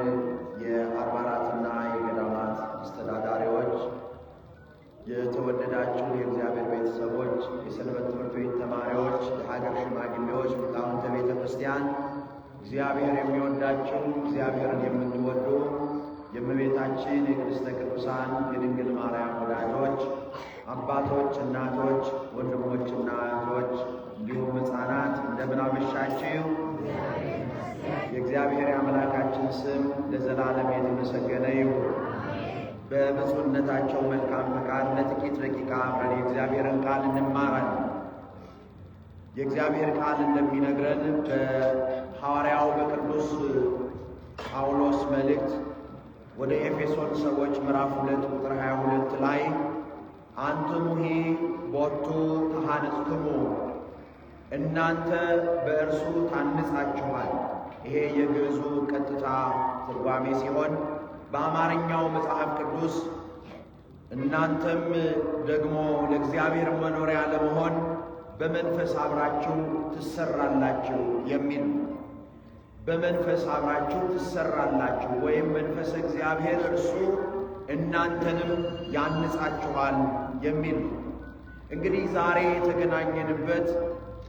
እግዚአብሔር የአድባራትና የገዳማት አስተዳዳሪዎች፣ የተወደዳችሁ የእግዚአብሔር ቤተሰቦች፣ የሰንበት ትምህርት ቤት ተማሪዎች፣ የሀገር ሽማግሌዎች፣ ሊቃውንተ ቤተ ክርስቲያን፣ እግዚአብሔር የሚወዳችሁ እግዚአብሔርን የምትወዱ የእመቤታችን የቅድስተ ቅዱሳን የድንግል ማርያም ወዳጆች አባቶች፣ እናቶች፣ ወንድሞችና እህቶች እንዲሁም ሕፃናት እንደምን አመሻችሁ። የእግዚአብሔር አምላካችን ስም ለዘላለም የተመሰገነ ይሁን። በብፁዕነታቸው መልካም ፈቃድ ለጥቂት ደቂቃ አብረን የእግዚአብሔርን ቃል እንማራለን። የእግዚአብሔር ቃል እንደሚነግረን በሐዋርያው በቅዱስ ጳውሎስ መልእክት ወደ ኤፌሶን ሰዎች ምዕራፍ ሁለት ቁጥር 22 ላይ አንትሙሂ ቦቱ ተሃነጽክሙ እናንተ በእርሱ ታንጻችኋል። ይሄ የግዕዙ ቀጥታ ትርጓሜ ሲሆን በአማርኛው መጽሐፍ ቅዱስ እናንተም ደግሞ ለእግዚአብሔር መኖሪያ ለመሆን በመንፈስ አብራችሁ ትሰራላችሁ የሚል በመንፈስ አብራችሁ ትሰራላችሁ ወይም መንፈስ እግዚአብሔር እርሱ እናንተንም ያንጻችኋል የሚል እንግዲህ ዛሬ የተገናኘንበት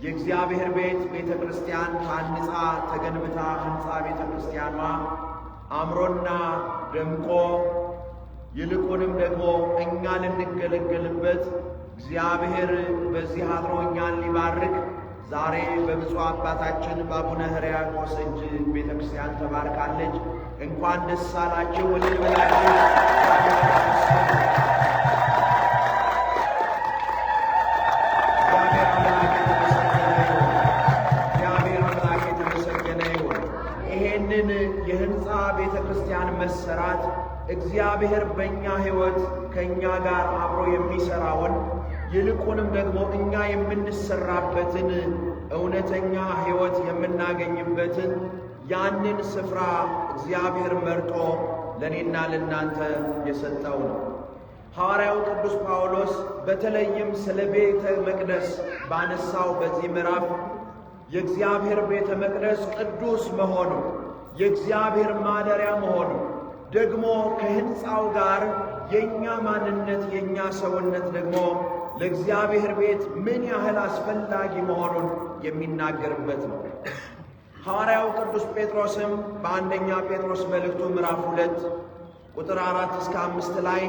የእግዚአብሔር ቤት ቤተ ክርስቲያን ታንጻ ተገንብታ ህንፃ ቤተ ክርስቲያኗ አምሮና ደምቆ ይልቁንም ደግሞ እኛ ልንገለገልበት እግዚአብሔር በዚህ አድሮ እኛን ሊባርክ ዛሬ በብፁዕ አባታችን በአቡነ ሕርያቆስ እጅ ቤተ ክርስቲያን ተባርካለች። እንኳን ደስ አላችሁ። ወልድ ብላችሁ እግዚአብሔር በእኛ ሕይወት ከእኛ ጋር አብሮ የሚሰራውን ይልቁንም ደግሞ እኛ የምንሰራበትን እውነተኛ ሕይወት የምናገኝበትን ያንን ስፍራ እግዚአብሔር መርጦ ለእኔና ለእናንተ የሰጠው ነው። ሐዋርያው ቅዱስ ጳውሎስ በተለይም ስለ ቤተ መቅደስ ባነሳው በዚህ ምዕራፍ የእግዚአብሔር ቤተ መቅደስ ቅዱስ መሆኑ የእግዚአብሔር ማደሪያ መሆኑ ደግሞ ከሕንፃው ጋር የእኛ ማንነት የእኛ ሰውነት ደግሞ ለእግዚአብሔር ቤት ምን ያህል አስፈላጊ መሆኑን የሚናገርበት ነው። ሐዋርያው ቅዱስ ጴጥሮስም በአንደኛ ጴጥሮስ መልእክቱ ምዕራፍ ሁለት ቁጥር አራት እስከ አምስት ላይ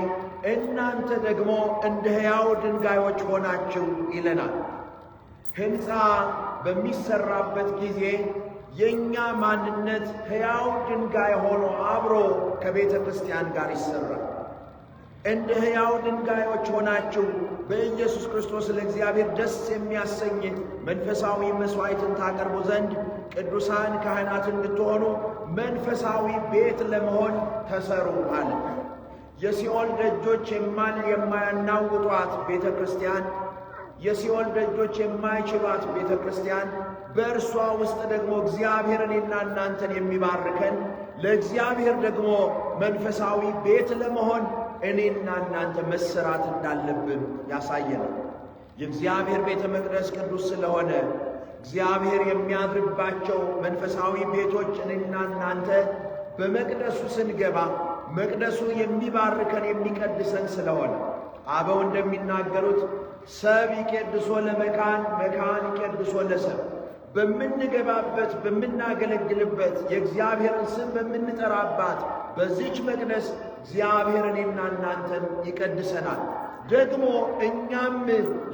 እናንተ ደግሞ እንደ ሕያው ድንጋዮች ሆናችሁ ይለናል። ሕንፃ በሚሠራበት ጊዜ የእኛ ማንነት ሕያው ድንጋይ ሆኖ አብሮ ከቤተ ክርስቲያን ጋር ይሰራል። እንደ ሕያው ድንጋዮች ሆናችሁ በኢየሱስ ክርስቶስ ለእግዚአብሔር ደስ የሚያሰኝ መንፈሳዊ መሥዋዕትን ታቀርቡ ዘንድ ቅዱሳን ካህናት እንድትሆኑ መንፈሳዊ ቤት ለመሆን ተሰሩ አለ። የሲኦል ደጆች የማል የማያናውጧት ቤተ ክርስቲያን የሲኦል ደጆች የማይችሏት ቤተ ክርስቲያን በእርሷ ውስጥ ደግሞ እግዚአብሔርን እና እናንተን የሚባርከን ለእግዚአብሔር ደግሞ መንፈሳዊ ቤት ለመሆን እኔና እናንተ መሰራት እንዳለብን ያሳየናል። የእግዚአብሔር ቤተ መቅደስ ቅዱስ ስለሆነ እግዚአብሔር የሚያድርባቸው መንፈሳዊ ቤቶች እኔና እናንተ በመቅደሱ ስንገባ መቅደሱ የሚባርከን የሚቀድሰን ስለሆነ አበው እንደሚናገሩት ሰብ ይቀድሶ ለመካን መካን ይቀድሶ ለሰብ በምንገባበት በምናገለግልበት የእግዚአብሔርን ስም በምንጠራባት በዚች መቅደስ እግዚአብሔር እኔና እናንተን ይቀድሰናል። ደግሞ እኛም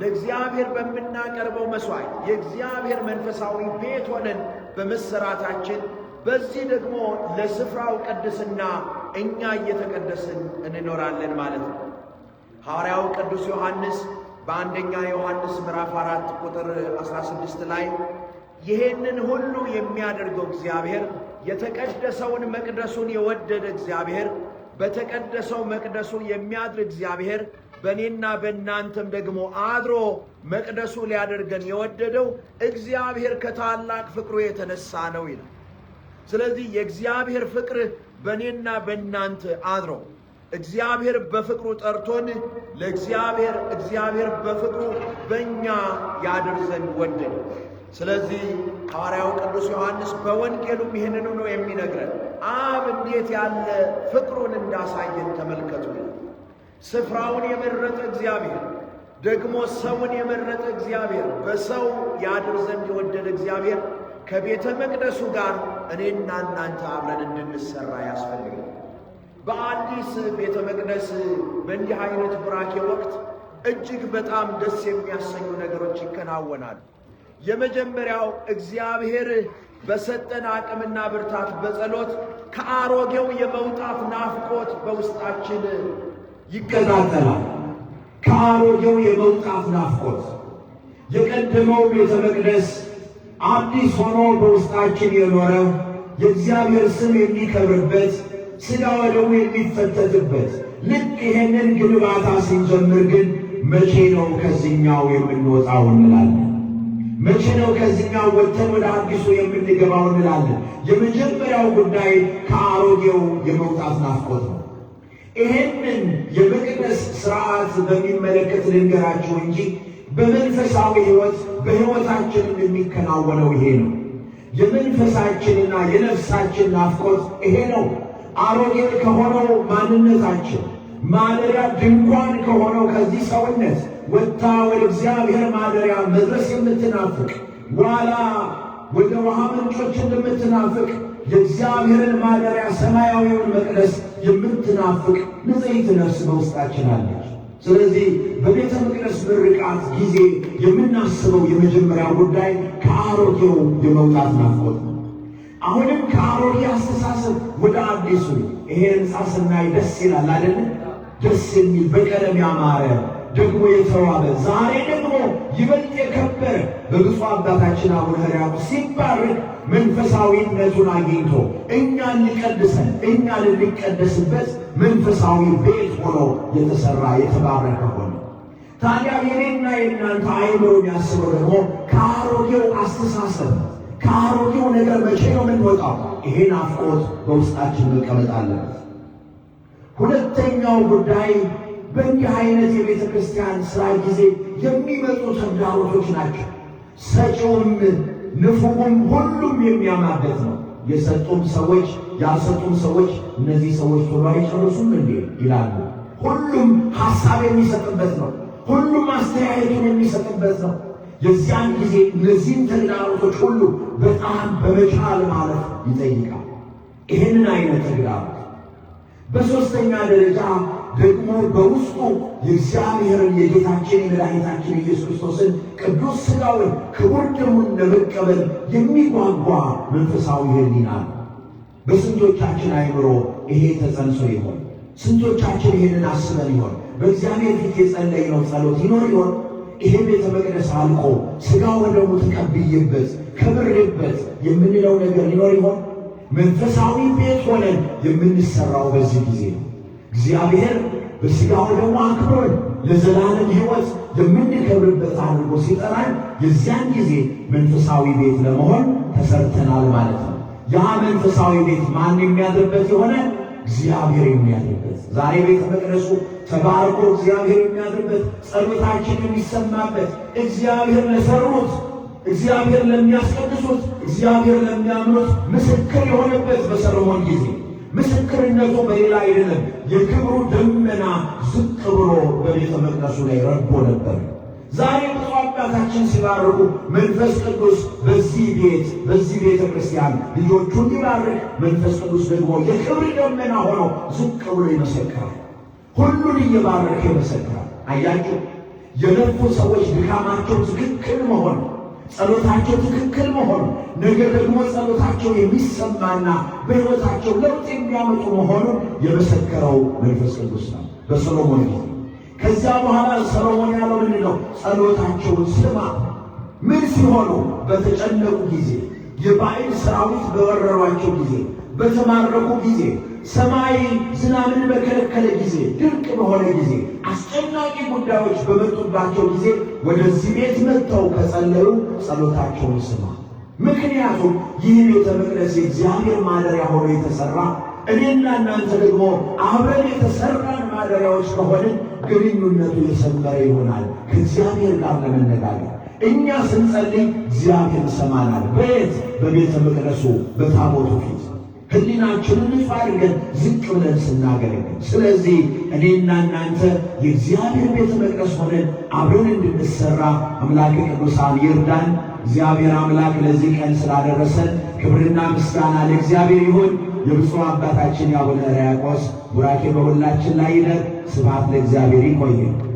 ለእግዚአብሔር በምናቀርበው መሥዋዕት የእግዚአብሔር መንፈሳዊ ቤት ሆነን በመሰራታችን በዚህ ደግሞ ለስፍራው ቅድስና እኛ እየተቀደስን እንኖራለን ማለት ነው። ሐዋርያው ቅዱስ ዮሐንስ በአንደኛ ዮሐንስ ምዕራፍ 4 ቁጥር 16 ላይ ይሄንን ሁሉ የሚያደርገው እግዚአብሔር የተቀደሰውን መቅደሱን የወደደ እግዚአብሔር በተቀደሰው መቅደሱ የሚያድር እግዚአብሔር በእኔና በእናንተም ደግሞ አድሮ መቅደሱ ሊያደርገን የወደደው እግዚአብሔር ከታላቅ ፍቅሩ የተነሳ ነው ይላል። ስለዚህ የእግዚአብሔር ፍቅር በእኔና በእናንተ አድሮ እግዚአብሔር በፍቅሩ ጠርቶን ለእግዚአብሔር እግዚአብሔር በፍቅሩ በእኛ ያድር ዘንድ ወደድ ስለዚህ ሐዋርያው ቅዱስ ዮሐንስ በወንጌሉም ይህንኑ ነው የሚነግረን። አብ እንዴት ያለ ፍቅሩን እንዳሳየን ተመልከቱ። ስፍራውን የመረጠ እግዚአብሔር ደግሞ ሰውን የመረጠ እግዚአብሔር በሰው ያድር ዘንድ የወደደ እግዚአብሔር ከቤተ መቅደሱ ጋር እኔና እናንተ አብረን እንድንሰራ ያስፈልጋል። በአዲስ ቤተ መቅደስ በእንዲህ አይነት ቡራኬ ወቅት እጅግ በጣም ደስ የሚያሰኙ ነገሮች ይከናወናሉ። የመጀመሪያው እግዚአብሔር በሰጠን አቅምና ብርታት በጸሎት ከአሮጌው የመውጣት ናፍቆት በውስጣችን ይቀጣጠላል። ከአሮጌው የመውጣት ናፍቆት የቀደመው ቤተ መቅደስ አዲስ ሆኖ በውስጣችን የኖረ የእግዚአብሔር ስም የሚከብርበት ስጋ ወደሙ የሚፈተትበት ልክ ይሄንን ግንባታ ስንጀምር ግን መቼ ነው ከዚህኛው የምንወጣው እንላለን። መቼ ነው ከዚህኛው ወጥተን ወደ አዲሱ የምንገባው እንላለን። የመጀመሪያው ጉዳይ ከአሮጌው የመውጣት ናፍቆት ነው። ይሄንን የመቅደስ ስርዓት በሚመለከት ልንገራችሁ እንጂ በመንፈሳዊ ህይወት በህይወታችን የሚከናወነው ይሄ ነው። የመንፈሳችንና የነፍሳችን ናፍቆት ይሄ ነው። አሮጌ ከሆነው ማንነታቸው ማደሪያ ድንኳን ከሆነው ከዚህ ሰውነት ወጥታ ወደ እግዚአብሔር ማደሪያ መድረስ የምትናፍቅ ዋላ ወደ ውሃ ምንጮች እንደምትናፍቅ የእግዚአብሔርን ማደሪያ ሰማያዊውን መቅደስ የምትናፍቅ ንጽሕት ነፍስ በውስጣችን አለች። ስለዚህ በቤተ መቅደስ ምርቃት ጊዜ የምናስበው የመጀመሪያ ጉዳይ ከአሮጌው የመውጣት ናፍቆት አሁንም ከአሮጌ አስተሳሰብ ወደ አዲሱ ይሄ ህንፃ ስናይ ደስ ይላል አይደል? ደስ የሚል በቀለም ያማረ ደግሞ የተዋበ ዛሬ ደግሞ ይበልጥ የከበረ በብፁዕ አባታችን አቡነ ሕርያቆስ ሲባርክ መንፈሳዊነቱን አግኝቶ እኛን ሊቀድሰን እኛ ልንቀደስበት መንፈሳዊ ቤት ሆኖ የተሰራ የተባረከ ሆነ። ታዲያ የኔና የእናንተ አይምሮን ያስበው ደግሞ ከአሮጌው አስተሳሰብ ከአሮጌው ነገር መቼ ነው የምንወጣው? ይሄን አፍቆት በውስጣችን መቀመጥ ሁለተኛው ጉዳይ በእንዲህ አይነት የቤተ ክርስቲያን ስራ ጊዜ የሚመጡ ተግዳሮቶች ናቸው። ሰጪውም ንፉጉም ሁሉም የሚያማበት ነው። የሰጡም ሰዎች ያልሰጡም ሰዎች እነዚህ ሰዎች ቶሎ አይጨርሱም እንዴ ይላሉ። ሁሉም ሀሳብ የሚሰጥበት ነው። ሁሉም አስተያየቱን የሚሰጥበት ነው። የዚያን ጊዜ እነዚህን ተግዳሮቶች ሁሉ በጣም በመቻል ማለት ይጠይቃል። ይህንን አይነት ተግዳሮት በሦስተኛ ደረጃ ደግሞ በውስጡ የእግዚአብሔርን የጌታችን የመድኃኒታችን ኢየሱስ ክርስቶስን ቅዱስ ሥጋውን ክቡር ደሙን ለመቀበል የሚጓጓ መንፈሳዊ ሕሊና ነው። በስንቶቻችን አይምሮ ይሄ ተጸንሶ ይሆን? ስንቶቻችን ይህንን አስበን ይሆን? በእግዚአብሔር ፊት የጸለይነው ጸሎት ይኖር ይሆን? ይሄ ቤተ መቅደስ አልቆ ስጋ ወደሙ ተቀብዬበት ከብሬበት የምንለው ነገር ሊኖር ይሆን? መንፈሳዊ ቤት ሆነን የምንሰራው በዚህ ጊዜ ነው። እግዚአብሔር በስጋ ወደሙ አክብሮን ለዘላለም ሕይወት የምንከብርበት አድርጎ ሲጠራን የዚያን ጊዜ መንፈሳዊ ቤት ለመሆን ተሰርተናል ማለት ነው። ያ መንፈሳዊ ቤት ማን የሚያድርበት የሆነ እግዚአብሔር የሚያድርበት ዛሬ ቤተ መቅደሱ ተባርኮ እግዚአብሔር የሚያድርበት ጸሎታችን የሚሰማበት እግዚአብሔር ለሰሩት እግዚአብሔር ለሚያስቀድሱት እግዚአብሔር ለሚያምኑት ምስክር የሆነበት በሰሎሞን ጊዜ ምስክርነቱ በሌላ አይደለም። የክብሩ ደመና ዝቅ ብሎ በቤተ መቅደሱ ላይ ረቦ ነበር። ዛሬ አባታችን ሲባርኩ መንፈስ ቅዱስ በዚህ ቤት በዚህ ቤተ ክርስቲያን ልጆቹን ይባርክ። መንፈስ ቅዱስ ደግሞ የክብር ደመና ሆኖ ዝቅ ብሎ ይመሰክራል። ሁሉን እየባረከ ይመሰክራል። አያችሁ፣ የለፉ ሰዎች ድካማቸው ትክክል መሆን፣ ጸሎታቸው ትክክል መሆን፣ ነገር ደግሞ ጸሎታቸው የሚሰማና በሕይወታቸው ለውጥ የሚያመጡ መሆኑን የመሰከረው መንፈስ ቅዱስ ነው በሰሎሞን ከዛ በኋላ ሰሎሞን ያለው ምንድን ነው? ጸሎታቸውን ስማ። ምን ሲሆኑ? በተጨነቁ ጊዜ፣ የባዕድ ሰራዊት በወረሯቸው ጊዜ፣ በተማረኩ ጊዜ፣ ሰማይ ዝናብን በከለከለ ጊዜ፣ ድርቅ በሆነ ጊዜ፣ አስጨናቂ ጉዳዮች በመጡባቸው ጊዜ ወደዚህ ቤት መጥተው ከጸለዩ ጸሎታቸውን ስማ። ምክንያቱም ይህ ቤተ መቅደስ የእግዚአብሔር ማደሪያ ሆኖ የተሰራ። እኔና እናንተ ደግሞ አብረን የተሰራን ማደሪያዎች ከሆንን ግንኙነቱ የሰመረ ይሆናል። ከእግዚአብሔር ጋር ለመነጋገር እኛ ስንጸልይ እግዚአብሔር ይሰማናል። በየት በቤተ መቅደሱ በታቦቱ ፊት ህሊናችንን ንጹሕ አድርገን ዝቅ ብለን ስናገለግል። ስለዚህ እኔና እናንተ የእግዚአብሔር ቤተ መቅደስ ሆነን አብረን እንድንሰራ አምላክ ቅዱሳን ይርዳን። እግዚአብሔር አምላክ ለዚህ ቀን ስላደረሰን ክብርና ምስጋና ለእግዚአብሔር ይሁን። የብፁዕ አባታችን የአቡነ ሕርያቆስ ቡራኬ በሁላችን ላይ ይደር። ስብሐት ለእግዚአብሔር። ይቆየ